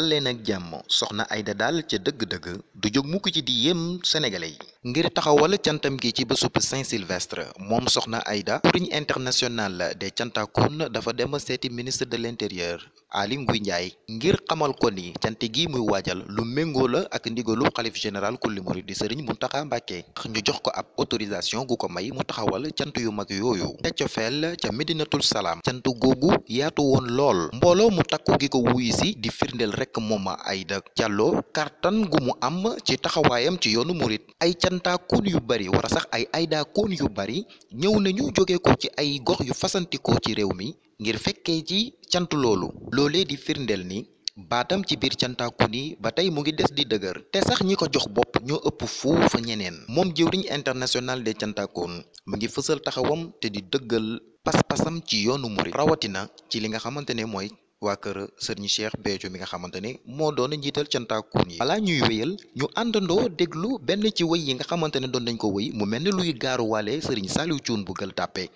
dal leen ak jàmm soxna ayda dal ca dëgg-dëgg du jóg mukk ci di yéem sénégalais yi ngir taxawal cantam gi ci bésub Saint-Sylvestre moom soxna ayda Coring international des cantakun dafa dem seeti ministre de l'intérieur Aly Ngouille Ndiaye ngir xamal ko ni cant gi muy waajal lu méngoo la ak ndigalu xalif général kulli murid di sëriñ Muntaxa Mbàkke ñu jox ko ab autorisation gu ko may mu taxawal cant yu mag yooyu ca cofeel ca Medinatul Salaam cant googu yaatu woon lool mbooloo mu takku gi ko wuyu si di firndeel rekk moom Aïda Diallo kartan gu mu am ci taxawaayam ci yoonu murid ay cantaakoon yu bari wara sax ay aydaakoon yu bari ñëw nañu jóge ko ci ay gox yu fasantikoo ci réew mi ngir fekkee ci cant loolu loolee di firndeel ni baatam ci biir cantaakun yi ba tey mu ngi des di dëggër te sax ñi ko jox bopp ñoo ëpp fuufa ñeneen moom jëwriñ international de cantaakun mu ngi fësal taxawam te di dëggal pas-pasam ci yoonu murit rawatina ci li nga xamante ne mooy waa kër sëriñ Cheikh Béthio mi nga xamante ne moo doon njiital cantaakun yi balaa ñuy wéyal ñu àndandoo déglu benn ci wëy yi nga xamante ne doon nañ ko wëy mu mel ni luy gaaruwaale sëriñ Saliou Thioune bu Gueule Tapée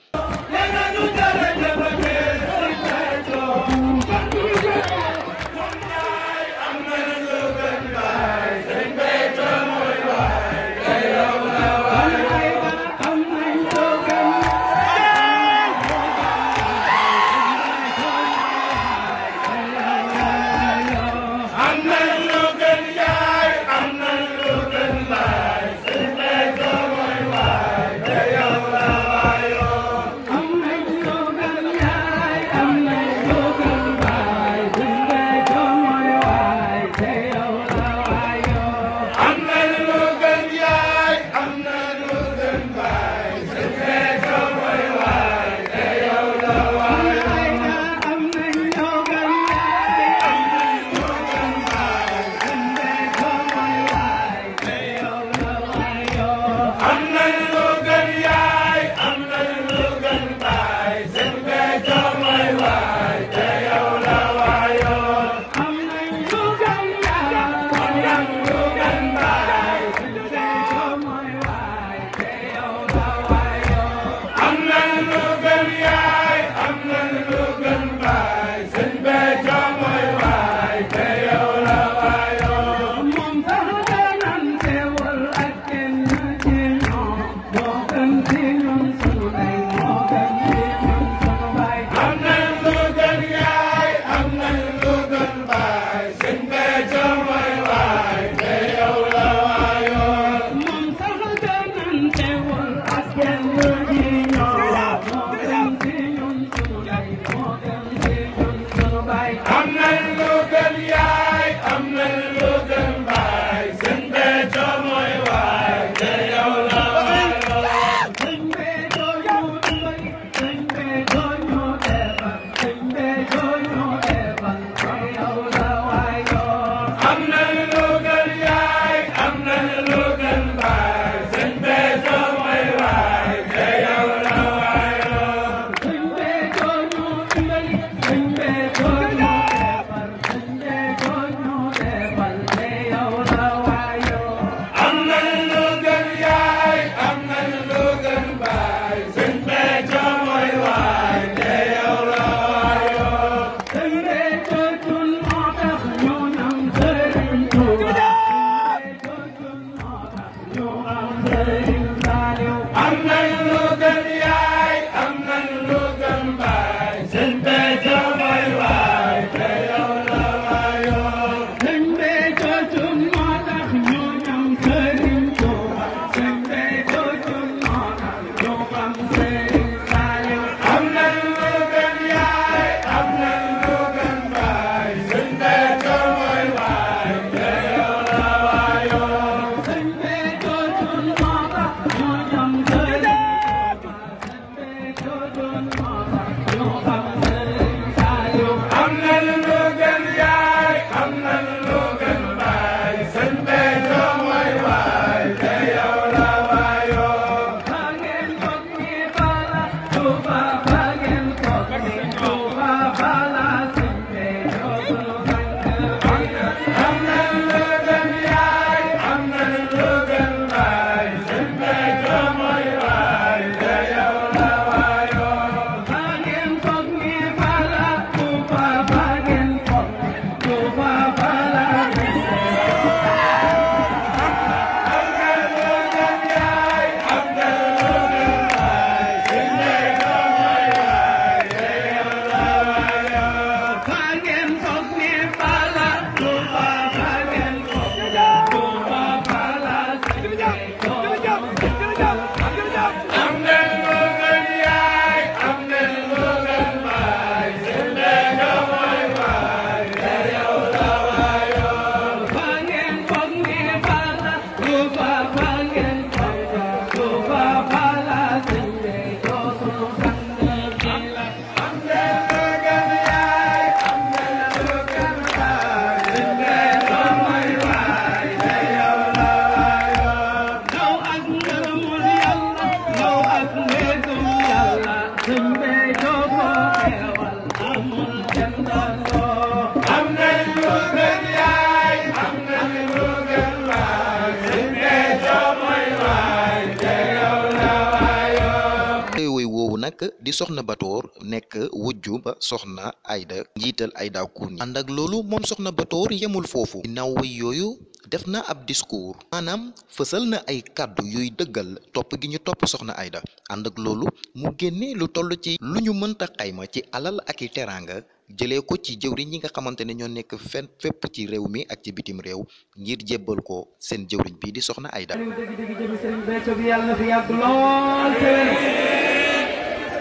di soxna Batoor nekk wujju ba soxna Ayda njiital Ayda Kouni ànd ak loolu moom soxna Batoor yemul foofu ginnaaw yooyu def na ab discours anam fësal na ay kàddu yuy dëggal topp gi ñu topp soxna Ayda ànd ak loolu mu génnee lu toll ci lu ñu mënta xayma ci alal ak i teraanga jëlee ko ci jëwriñ yi nga xamante ne ñoo nekk fenn fépp ci réew mi ak ci bitim réew ngir jébbal ko seen jëwriñ bi di soxna Ayda.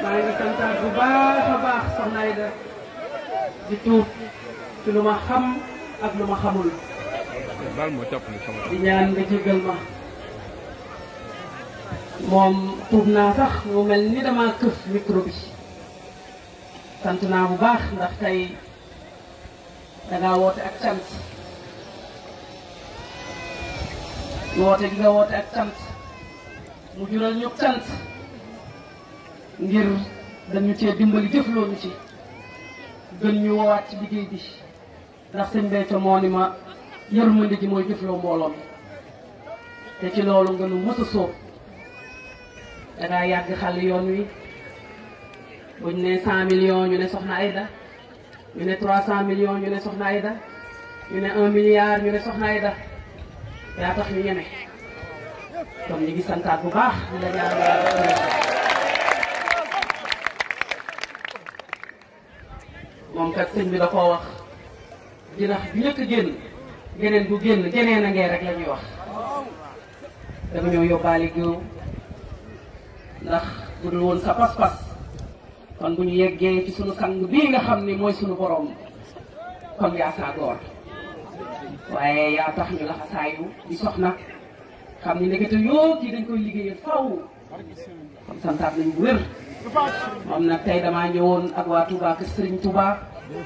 maa ngi santaat bu baax a baax soxna Aida di tuub ci lu ma xam ak lu ma xamul. di ñaan nga jéggal ma. moom tuub naa sax mu mel ni dama këf micro bi. naa bu baax ndax tey dangaa woote ak cant. woote gi woote ak cant mu jural ñu cant. ngir dañu cee dimbali jëflooñu ci gën ñu woowaat ci liggéey bi ndax sëñ Béthio moo ni ma yërmande ji mooy jëfloo mbooloo mi te ci loolu nga nu mës a sóob yàgg xàll yoon wi buñ ne cent million ñu ne soxna Aida ñu ne trois cent million ñu ne soxna Aida ñu ne un milliard ñu ne soxna Aida yaa tax ñu ñeme kon ñu ngi santaat bu baax ñu la ñaan moom kat sëñ bi da koo wax jinax bi njëkk génn geneen bu génn geneen a ngee rek la ñuy wax dama ñëw yóbbaale géew ndax bu dul woon sa pas-pas kon bu ñu yeggee ci sunu sang bii nga xam ni mooy suñu borom kon yaa saa góor waaye yaa tax ñu laxasaayu di soxna xam ni ndekete yoo dañ koy liggéeyal faw kon santaat nañu wér moom nag tey damaa ñëwoon ak waa Touba kër Serigne Touba ndax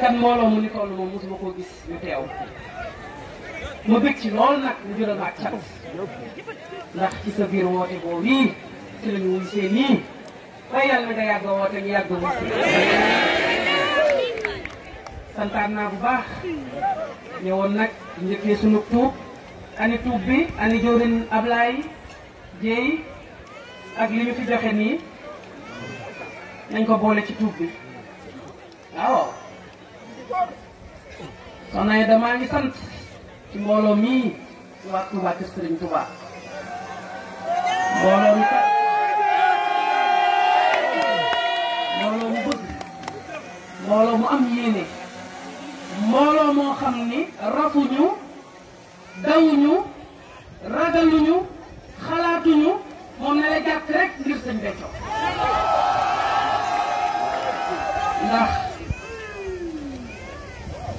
kat mbooloo mu ni toll moom mosuma koo gis ñu teew ma bëgg lool nag mu jural ma ak ci sa biir woote boo wii ci la ñu wuy see ay yàlla na nga yàgg a woote ñu yàgg a naa bu baax ñëwoon nag njëkkee sunu tuub ani tuub bi ani jëwrin Ablaye Dieye ak li fi joxe nii nañ ko boole ci tuub bi waaw soxna yi damaa ngi sant ci mbooloo mii waa Touba ci Sëriñ mbooloo mu am yéene mbooloo moo xam ni rafuñu dawuñu ragaluñu xalaatuñu moom na la jàpp rek ngir sëñ Béthio ndax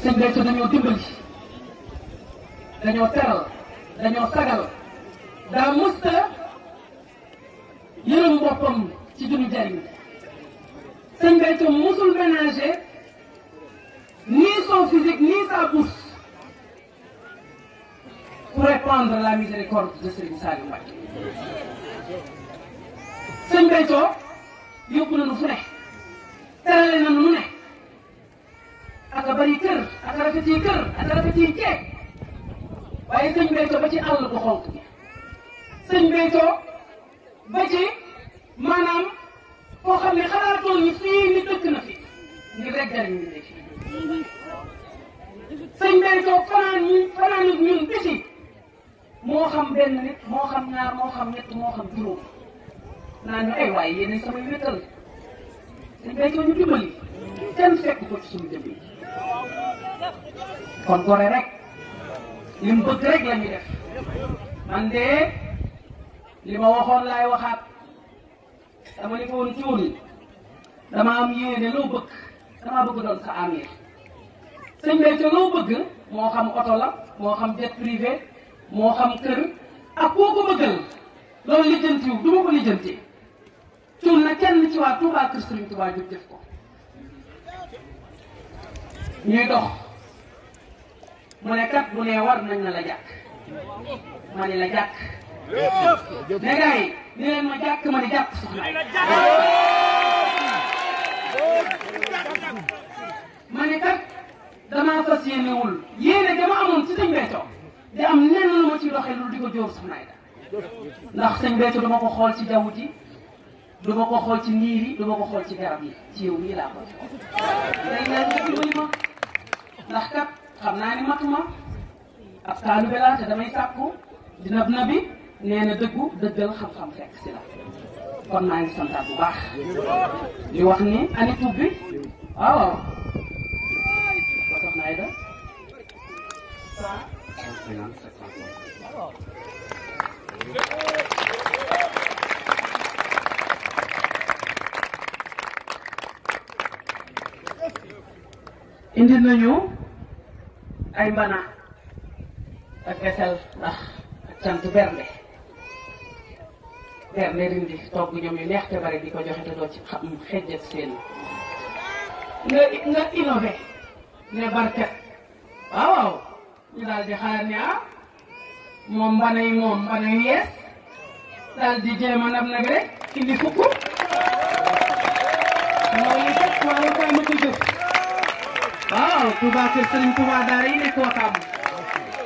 sëñ Béthio dañoo dimbali dañoo teral dañoo sagal daa musta yërëm boppam ci duñu jariñ sëñ Béthio mosul ménager ni son physique ni sa bourse pour répandre la miséricorde de Serigne Saliou Mbacké sëñ Béthio yóbbu nañu fu ne terale nañu mu ne aka bari kër aka rafet yi kër aka rafet yi ceeb waaye sëñ Béthio ba ci àll bu xonk bi ba ci maanaam koo xam ne xalaatoon ñu fii ni dëkk na fi ngir rek jariñ ñu ne fii sëñ bay toog fanaan ñu fanaan moo xam benn nit moo xam ñaar moo xam ñett moo xam juróom naan ñu ay waaye yéen samay wéttal sëñ bay toog ñu dimbali kenn fekk ko ci suñu jëmm yi rek li mu rek la ñuy def man li ma waxoon lay waxaat dama ni ko woon cuuni dama am yéene loo bëgg dama bëgg doon sa amir sëñ Béthio loo bëgg moo xam oto la moo xam jet privé moo xam kër ak koo ko bëggal loolu lijjantiw du ma ko lijjanti cuun na kenn ci waa Touba kër Sëriñ Touba jub def ko ñuy dox mu ne kat bu ne war nañ na la jàkk ma ni la jàkk ne gars yi ma jàkk ma ne jàpp soxna ma ne kat damaa fas yéenewul yéene dama amoon ci sëñ di am lenn lu ma ciy doxee lu di ko jóor soxna Aida ndax sëñ Béthio dama ko xool ci jaww ji duma ko xool ci niir yi duma ko xool ci garab yi ci yow nii laa koy xool. léegi nag ñu ma ndax kat xam naa ni matuma ab taalu bi laa te damay sàkku di nab nabi nee na dëggu dëggal xam-xam fekk si la kon maa ngi santaat bu baax di wax ni ani tub bi waaw ba tax naay da indi nañu ay mbana ak gasal ndax ak cant bernde ter ne rindi togg ñoom yu bare di joxe te doo ci xam xejjat seen nga nga innové ne barket waaw waaw ñu xaar ne ah moom mbanay moom mbanay yees daal di nag rek indi fukk loolu kat waaye koy mën a jëf waaw Touba kër Serigne Touba daara yi nekk Wakaam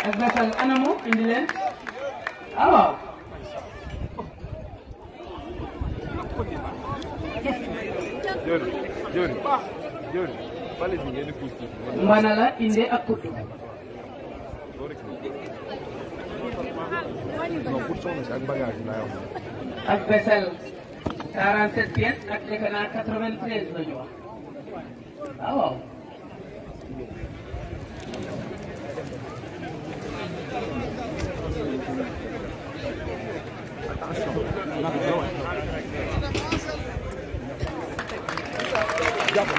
ak Basal mana la inde ak kuttu ak besel 47 pièces ak defe naa 93 la ñu wax waaw attention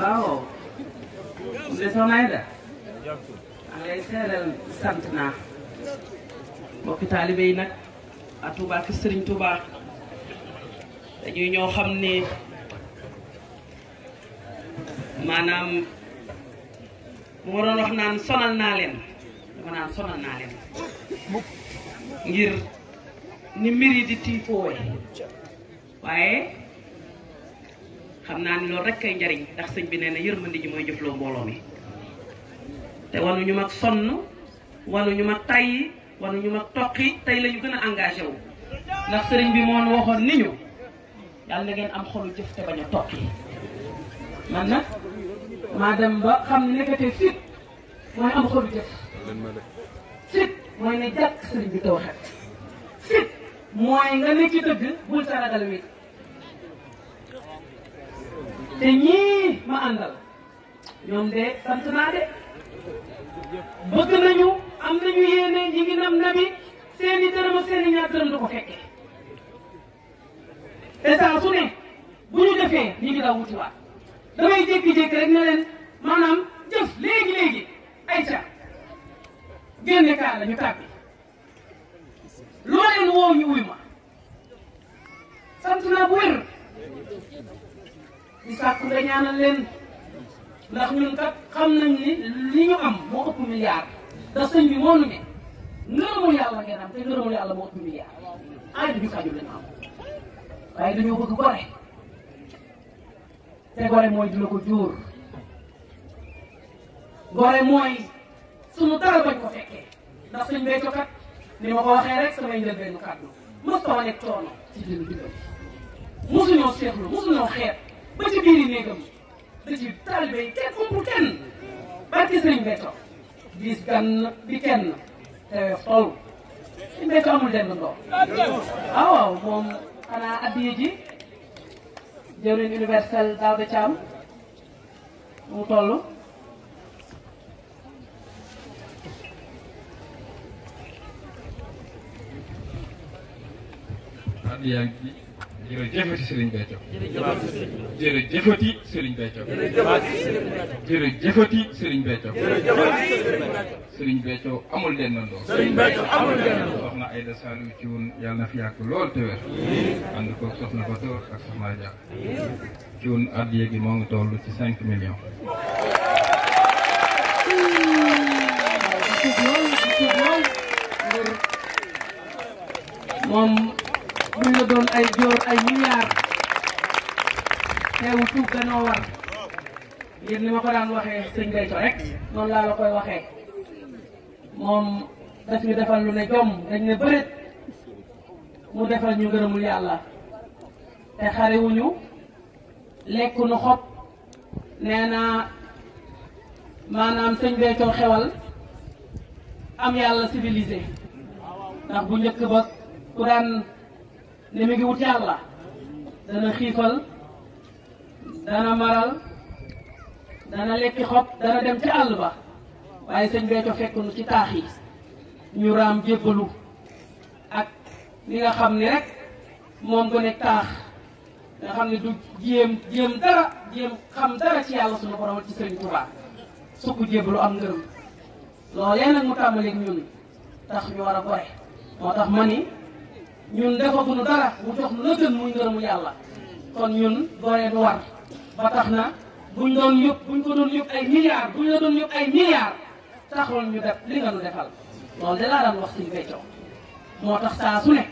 waaw. monsieur Soxna Aida. maa ngi lay sant naa. mbokki taalibe yi nag a Touba ki Serigne Touba dañuy ñoo xam ne maanaam. mu ma doon wax naan sonal naa leen sonal naa leen ngir ni mbir yi di tiifoowee waaye xam naa ni loolu rek ay njariñ ndax sëñ bi nee na yërmandi ji mooy jëfloo mbooloo mi te wanu ñu mag sonn wanu ñu mag tay wanu ñu mag toqi tey la ñu gën a engagé wu ndax sëriñ bi moon waxoon ni ñu yàlla na ngeen am xolu jëf te bañ a toqi man nag maa dem ba xam ne nekkatee fit mooy am xolu jëf fit mooy ne jàkk sëriñ bi nga ne ci dëgg bul sa ragal wi te ñii ma àndal ñoom de sant naa de bëgg nañu am nañu yéene ñi ngi nam nabi seeni dërëm seeni ñaar dërëm du ko fekkee te saa su ne bu ñu defee ñi ngi daw wutiwaat damay jékki-jékki rek ne leen maanaam jëf léegi léegi ay ca génne kaa la ñu tàbbi loo leen woo ñu wuy ma sant naa bu wér ñu sàkk nga ñaanal leen ndax ñun kat xam nañ ni li ñu am moo ëpp milliard ndax sëñ bi moo nu ne ngërëmul yàlla ngeen am te ngërëmul yàlla moo ëpp milliard aay dañu kàjju lañu am waaye dañoo bëgg gore te gore mooy dina ko jóor gore mooy sunu dara bañ ko fekkee ndax suñ béykat kat ni ma ko waxee rek samay njëlbeenu kàddu mos ta waneeg coono ci dinu diggam mosuñoo seexlu mosuñoo xeet ba ci biiri néegam da ci taalibe yi kenn umpu kenn barki sëriñ Béthio diis gan bi kenn te toll suñ Béthio amul denn ndox waaw ah waaw moom xanaa addiye ji jawriñ universel Daouda Thiam mu toll yaa jërëjëfati Serigne Béthio jërëjëfati Serigne Béthio jërëjëfati Serigne Béthio Serigne Béthio amul dennandoo soxna Aïda Saliou ci woon yàlla na fi yàgg lool te wér ànd ko soxna ak soxna Dia ci woon addiya gi moo ngi ci cinq millions bu ñu doon ay joor ay milliards teewu tuub danoo war yéen ni ma ko daan waxee sëñ Béthio rek noonu laa la koy waxee moom daf ñu defal lu ne jom dañ ne bëreet mu defal ñu gërëmul yàlla te xarewuñu lekk nu xob nee na maanaam sëñ Béthio xewal am yàlla civilisé ndax bu njëkk ba ku daan li mu ngi wut yàlla dana xiifal dana maral dana lekki xob dana dem ci àll ba waaye sëñ Béthio fekk nu ci taax yi ñu raam jébbalu ak li nga xam ni rek moom ko nekk taax nga xam ne du jéem jéem dara jéem xam dara ci yàlla suñu borom ci sëñ Tuubaa sukk jébbalu am ngërëm loolee nag mu tàmbaleeg ñun tax ñu war a gore moo tax ma ni ñun defatuñu dara mu jox nu la gën muy ngërëmu yàlla kon ñun goree du war ba tax na buñ doon yëpp buñ ko doon yóbbu ay milliards buñ la doon yóbbu ay milliards taxul ñu def li nga nu defal loolu de laa daan wax suñu béccoo moo tax saa su ne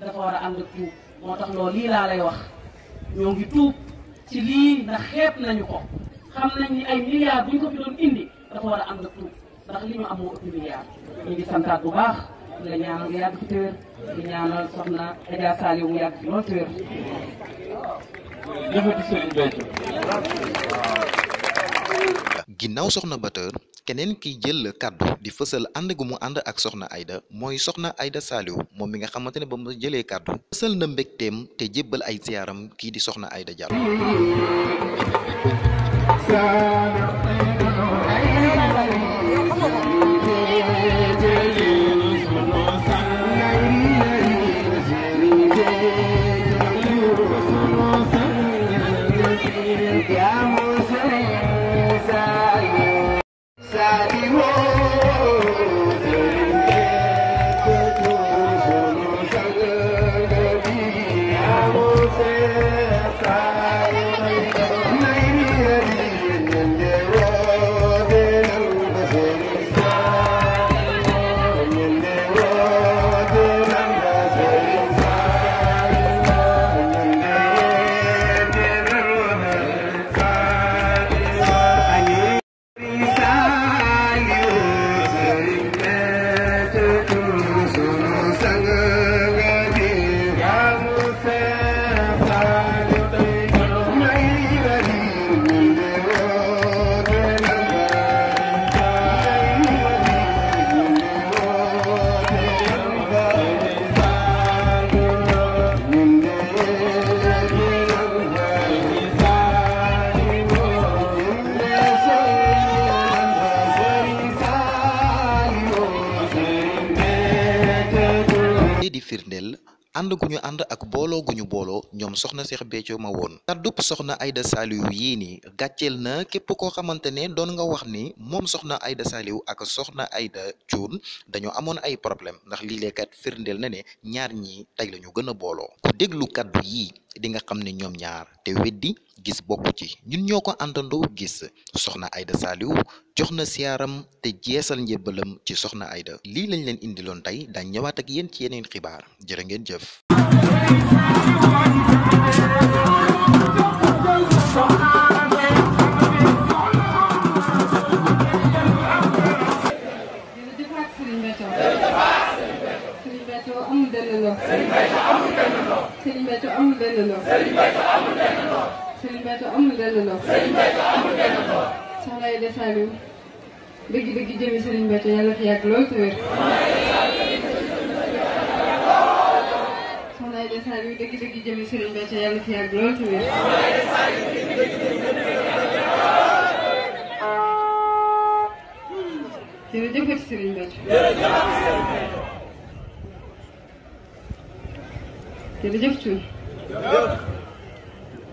dafa war a ànd ak tuub moo tax loolu lii laa lay wax ñoo ngi tuub ci lii ndax xeeb nañu ko xam nañ ni ay milliards buñ ko fi doon indi dafa war a ànd ak tuub ndax li ñu am ëpp milliards ñu ngi santaat bu baax di ñaanal soxna Adja keneen kiy jël kàddu di fësal ànd gu mu ànd ak soxna Aida mooy soxna Aida Saliou moom mi nga xamante ne ba mu jëlee kàddu fësal na mbégteem te jébbal ay siyaaram kii di soxna Aida Diallo woon soxna Cheikh Béthio ma woon kàddub soxna Aïda Saliou yii ni gàcceel na képp koo xamante ne doon nga wax ni moom soxna Aïda Saliou ak soxna Aïda Thioune dañoo amoon ay problème ndax lii lee kat firndeel na ne ñaar ñi tey la ñu gën a booloo ku déglu kàddu yi di nga xam ne ñoom ñaar te weddi gis bokku ci ñun ñoo ko àndandoo gis soxna Aïda Saliou jox na siyaaram te jeesal njébbalam ci soxna Aïda lii lañ leen indiloon tey daa ñëwaat ak yéen ci yeneen xibaar jërë ngeen jëf bëgg-bëgg jëmi Serigne Bethio yàlla fi yàgg lool te wér Saar yu dëgg dëgg jëmi Serigne Béthio yàlla fi yàgg lool ci wér jërëjëf Serigne Béthio jërëjëf Thioune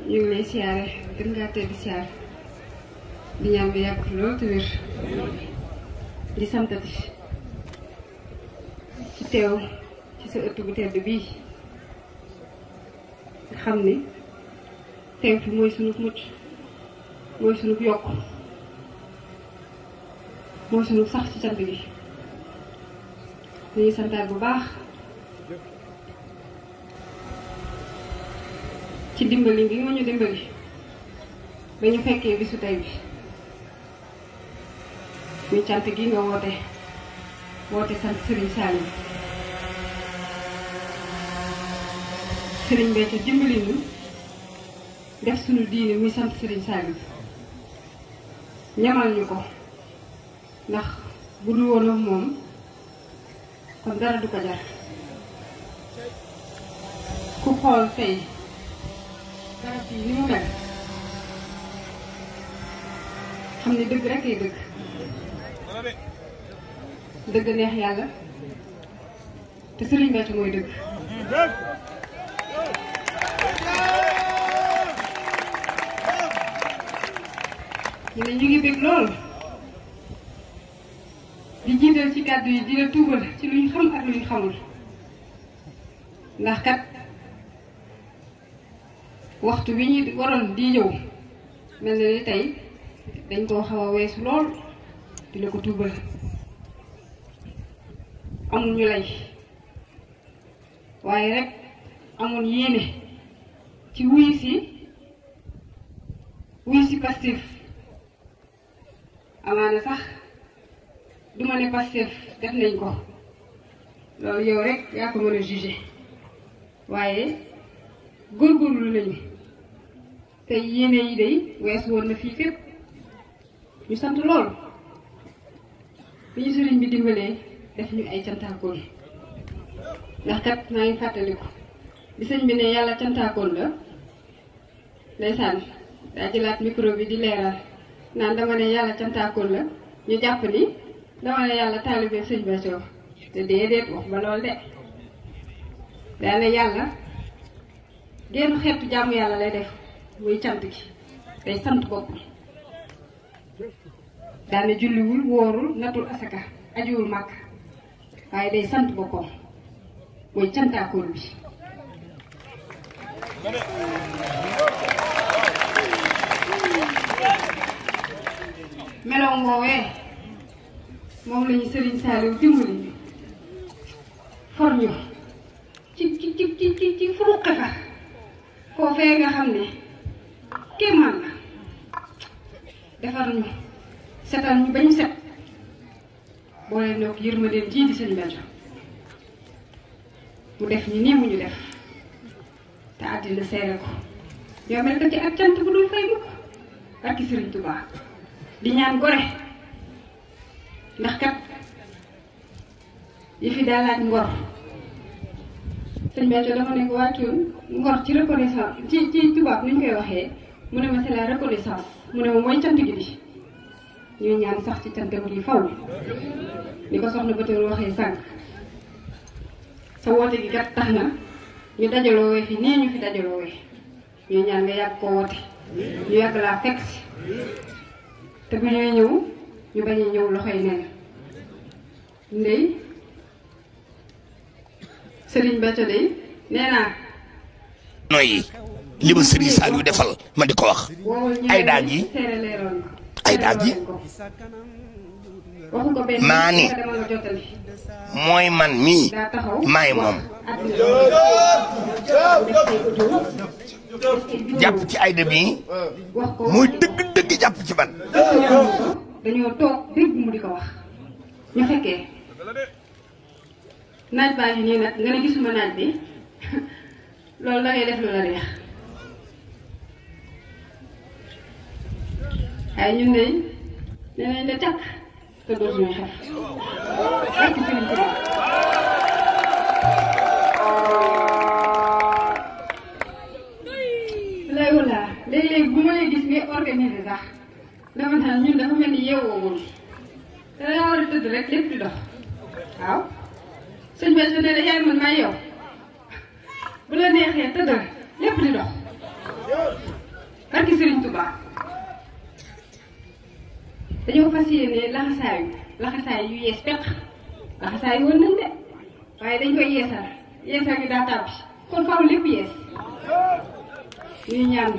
ñu ngi lay siyaare gën ngaa tedd siyaar di ñaan bi yàgg lool te wér di santati ci teew ci sa ëtt bu tedd bii xam ne teew fi mooy sunu mucc mooy sunu yokk mooy sunu sax ci cant gi dañuy santaat bu baax ci dimbali bi nga ñu dimbali ba fekkee bisu tey bi muy cant gi nga woote woote sant Serigne Saliou Serigne Béthio dimbali ñu def suñu diine muy sant Serigne Saliou ñamal ñu ko ndax bu dul moom kon dara du ko jar ku xool tey xam ne dëgg rek ay dëgg dëgg neex yàlla te Serigne Béthio mooy dëgg. ñu ne ñu ngi bég lool di jiital ci kàddu yi dina tuubal ci luñ xam ak luñ xamul ndax kat waxtu bi ñu waroon di ñëw mel na ni tey dañ koo xaw a weesu lool di ko tuubal amul lay waaye rek amul yéene ci wuy si wuy si passif amaana sax du ma ne Pastef def ko loolu yow rek yaa ko mën a jugé waaye góorgóorlu nañu te yéene yi day wees woon na fii fépp ñu sant lool bi ñu sëriñ bi dimbalee def ñu ay cantaakoon ndax kat naa ngi fàttaliku bi sëñ bi ne yàlla cantaakoon la ndeysaan daa jëlaat micro bi di leeral naan dama ne yàlla cantaakoon la ñu jàpp ni dama ne yàlla taalibe sëñ Bethio te déedéet wax ba lool de daane yàlla génn xeetu jaamu yàlla lay def muy cant gi day sant boppam daane julliwul wóorul natul asaka ajuwul màkk waaye day sant boppam mooy cantaakoon bi melaw ngoowee eh, moom la ñu Serigne Saliou dimbali for ñu ci ci ci ci ci fa koo fee nga xam ne kéemaan la defar ñu setal ñu bañ set boo leen yokk yërmandeen jii di seen benn mu def ñi nii mu ñu def te àddina seere ko ñoom rek ci ak cant bu dul fay mukk barki Serigne Touba. di ñaan gore ndax kat yi fi daal laaj ngor sëñ Béthio dafa nekk waacoon ngor ci reconnaissance ci ci tubaab ni ñu koy waxee mu ne ma c'est la reconnaissance mu ne ma mooy cant gi bi ñuy ñaan sax ci cantam gi faw ni ko soxna Bator waxee sànq sa woote gi kat tax na ñu dajaloo fi nee ñu fi dajaloo ñuy ñaan nga yàgg koo woote ñu yàgg laa fekk si te bu ñuy ñëw ñu bañ a ñëw loxoy neen ndey sëriñ Bethio day nee naa noyyi li ma sëriñ Saliou defal ma di ko wax ay daag yi ay daag yi maa mooy man mii maay moom jàpp ci ay dem yi dëgg-dëgg jàpp ci man. dañoo toog dégg mu di ko wax ñu fekkee naaj baa ngi nii nag nga ne gisuma naaj bi loolu la ngay def lu la neex waaye ñun de nee nañ la càkk te doo suñu xef. organiser organiser sax dafa mel ni yeewoo lépp di dox waaw sëñ bi la yaay la neexee tëddal lépp di dox barki Sëriñ Tuubaa dañoo fas yéene laxasaayu laxasaay yu yees peq laxasaay woon nañ de waaye dañ koy yeesal yeesal gi daa tàbbi kon faru lépp yees ñuy ñaan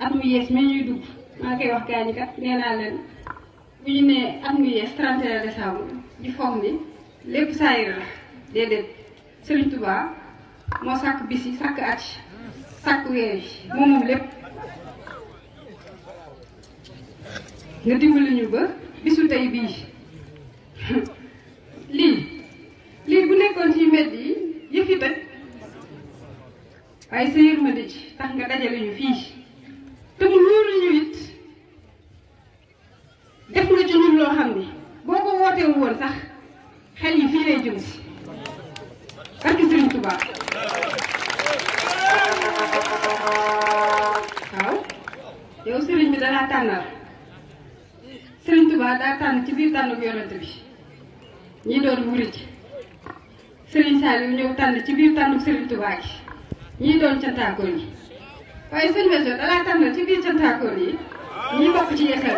at mu yees mi ñuy dugg maa koy wax gaañu kat nee naa leen bu ñu nee at mu yees 31 décembre di fomm ni lépp saayir la déedéet Serigne Touba moo sàkk bis yi sàkk at yi sàkk weer yi moom moom lépp nga dimbali ñu ba bisu tey bii lii lii bu nekkoon ci mbedd yi yëf yi tëj waaye sa yërmande ji tax nga dajale ñu fii te mu loolu ñu it def na ci ñun loo xam ne boo ko wootee woon sax xel yi fii lay jëm si barki Sëriñ Tuubaa waaw yow sëriñ bi dalaa tànnal Sëriñ Tuubaa daa tànn ci biir tànn bu yonent bi ñi doon murid Sëriñ Saliou ñëw tànn ci biir tànn Sëriñ gi ñi doon cantaakoon yi waaye sëñ Béthio da laa tànn ci biir cantakoor yi ñi bokk ci yeesal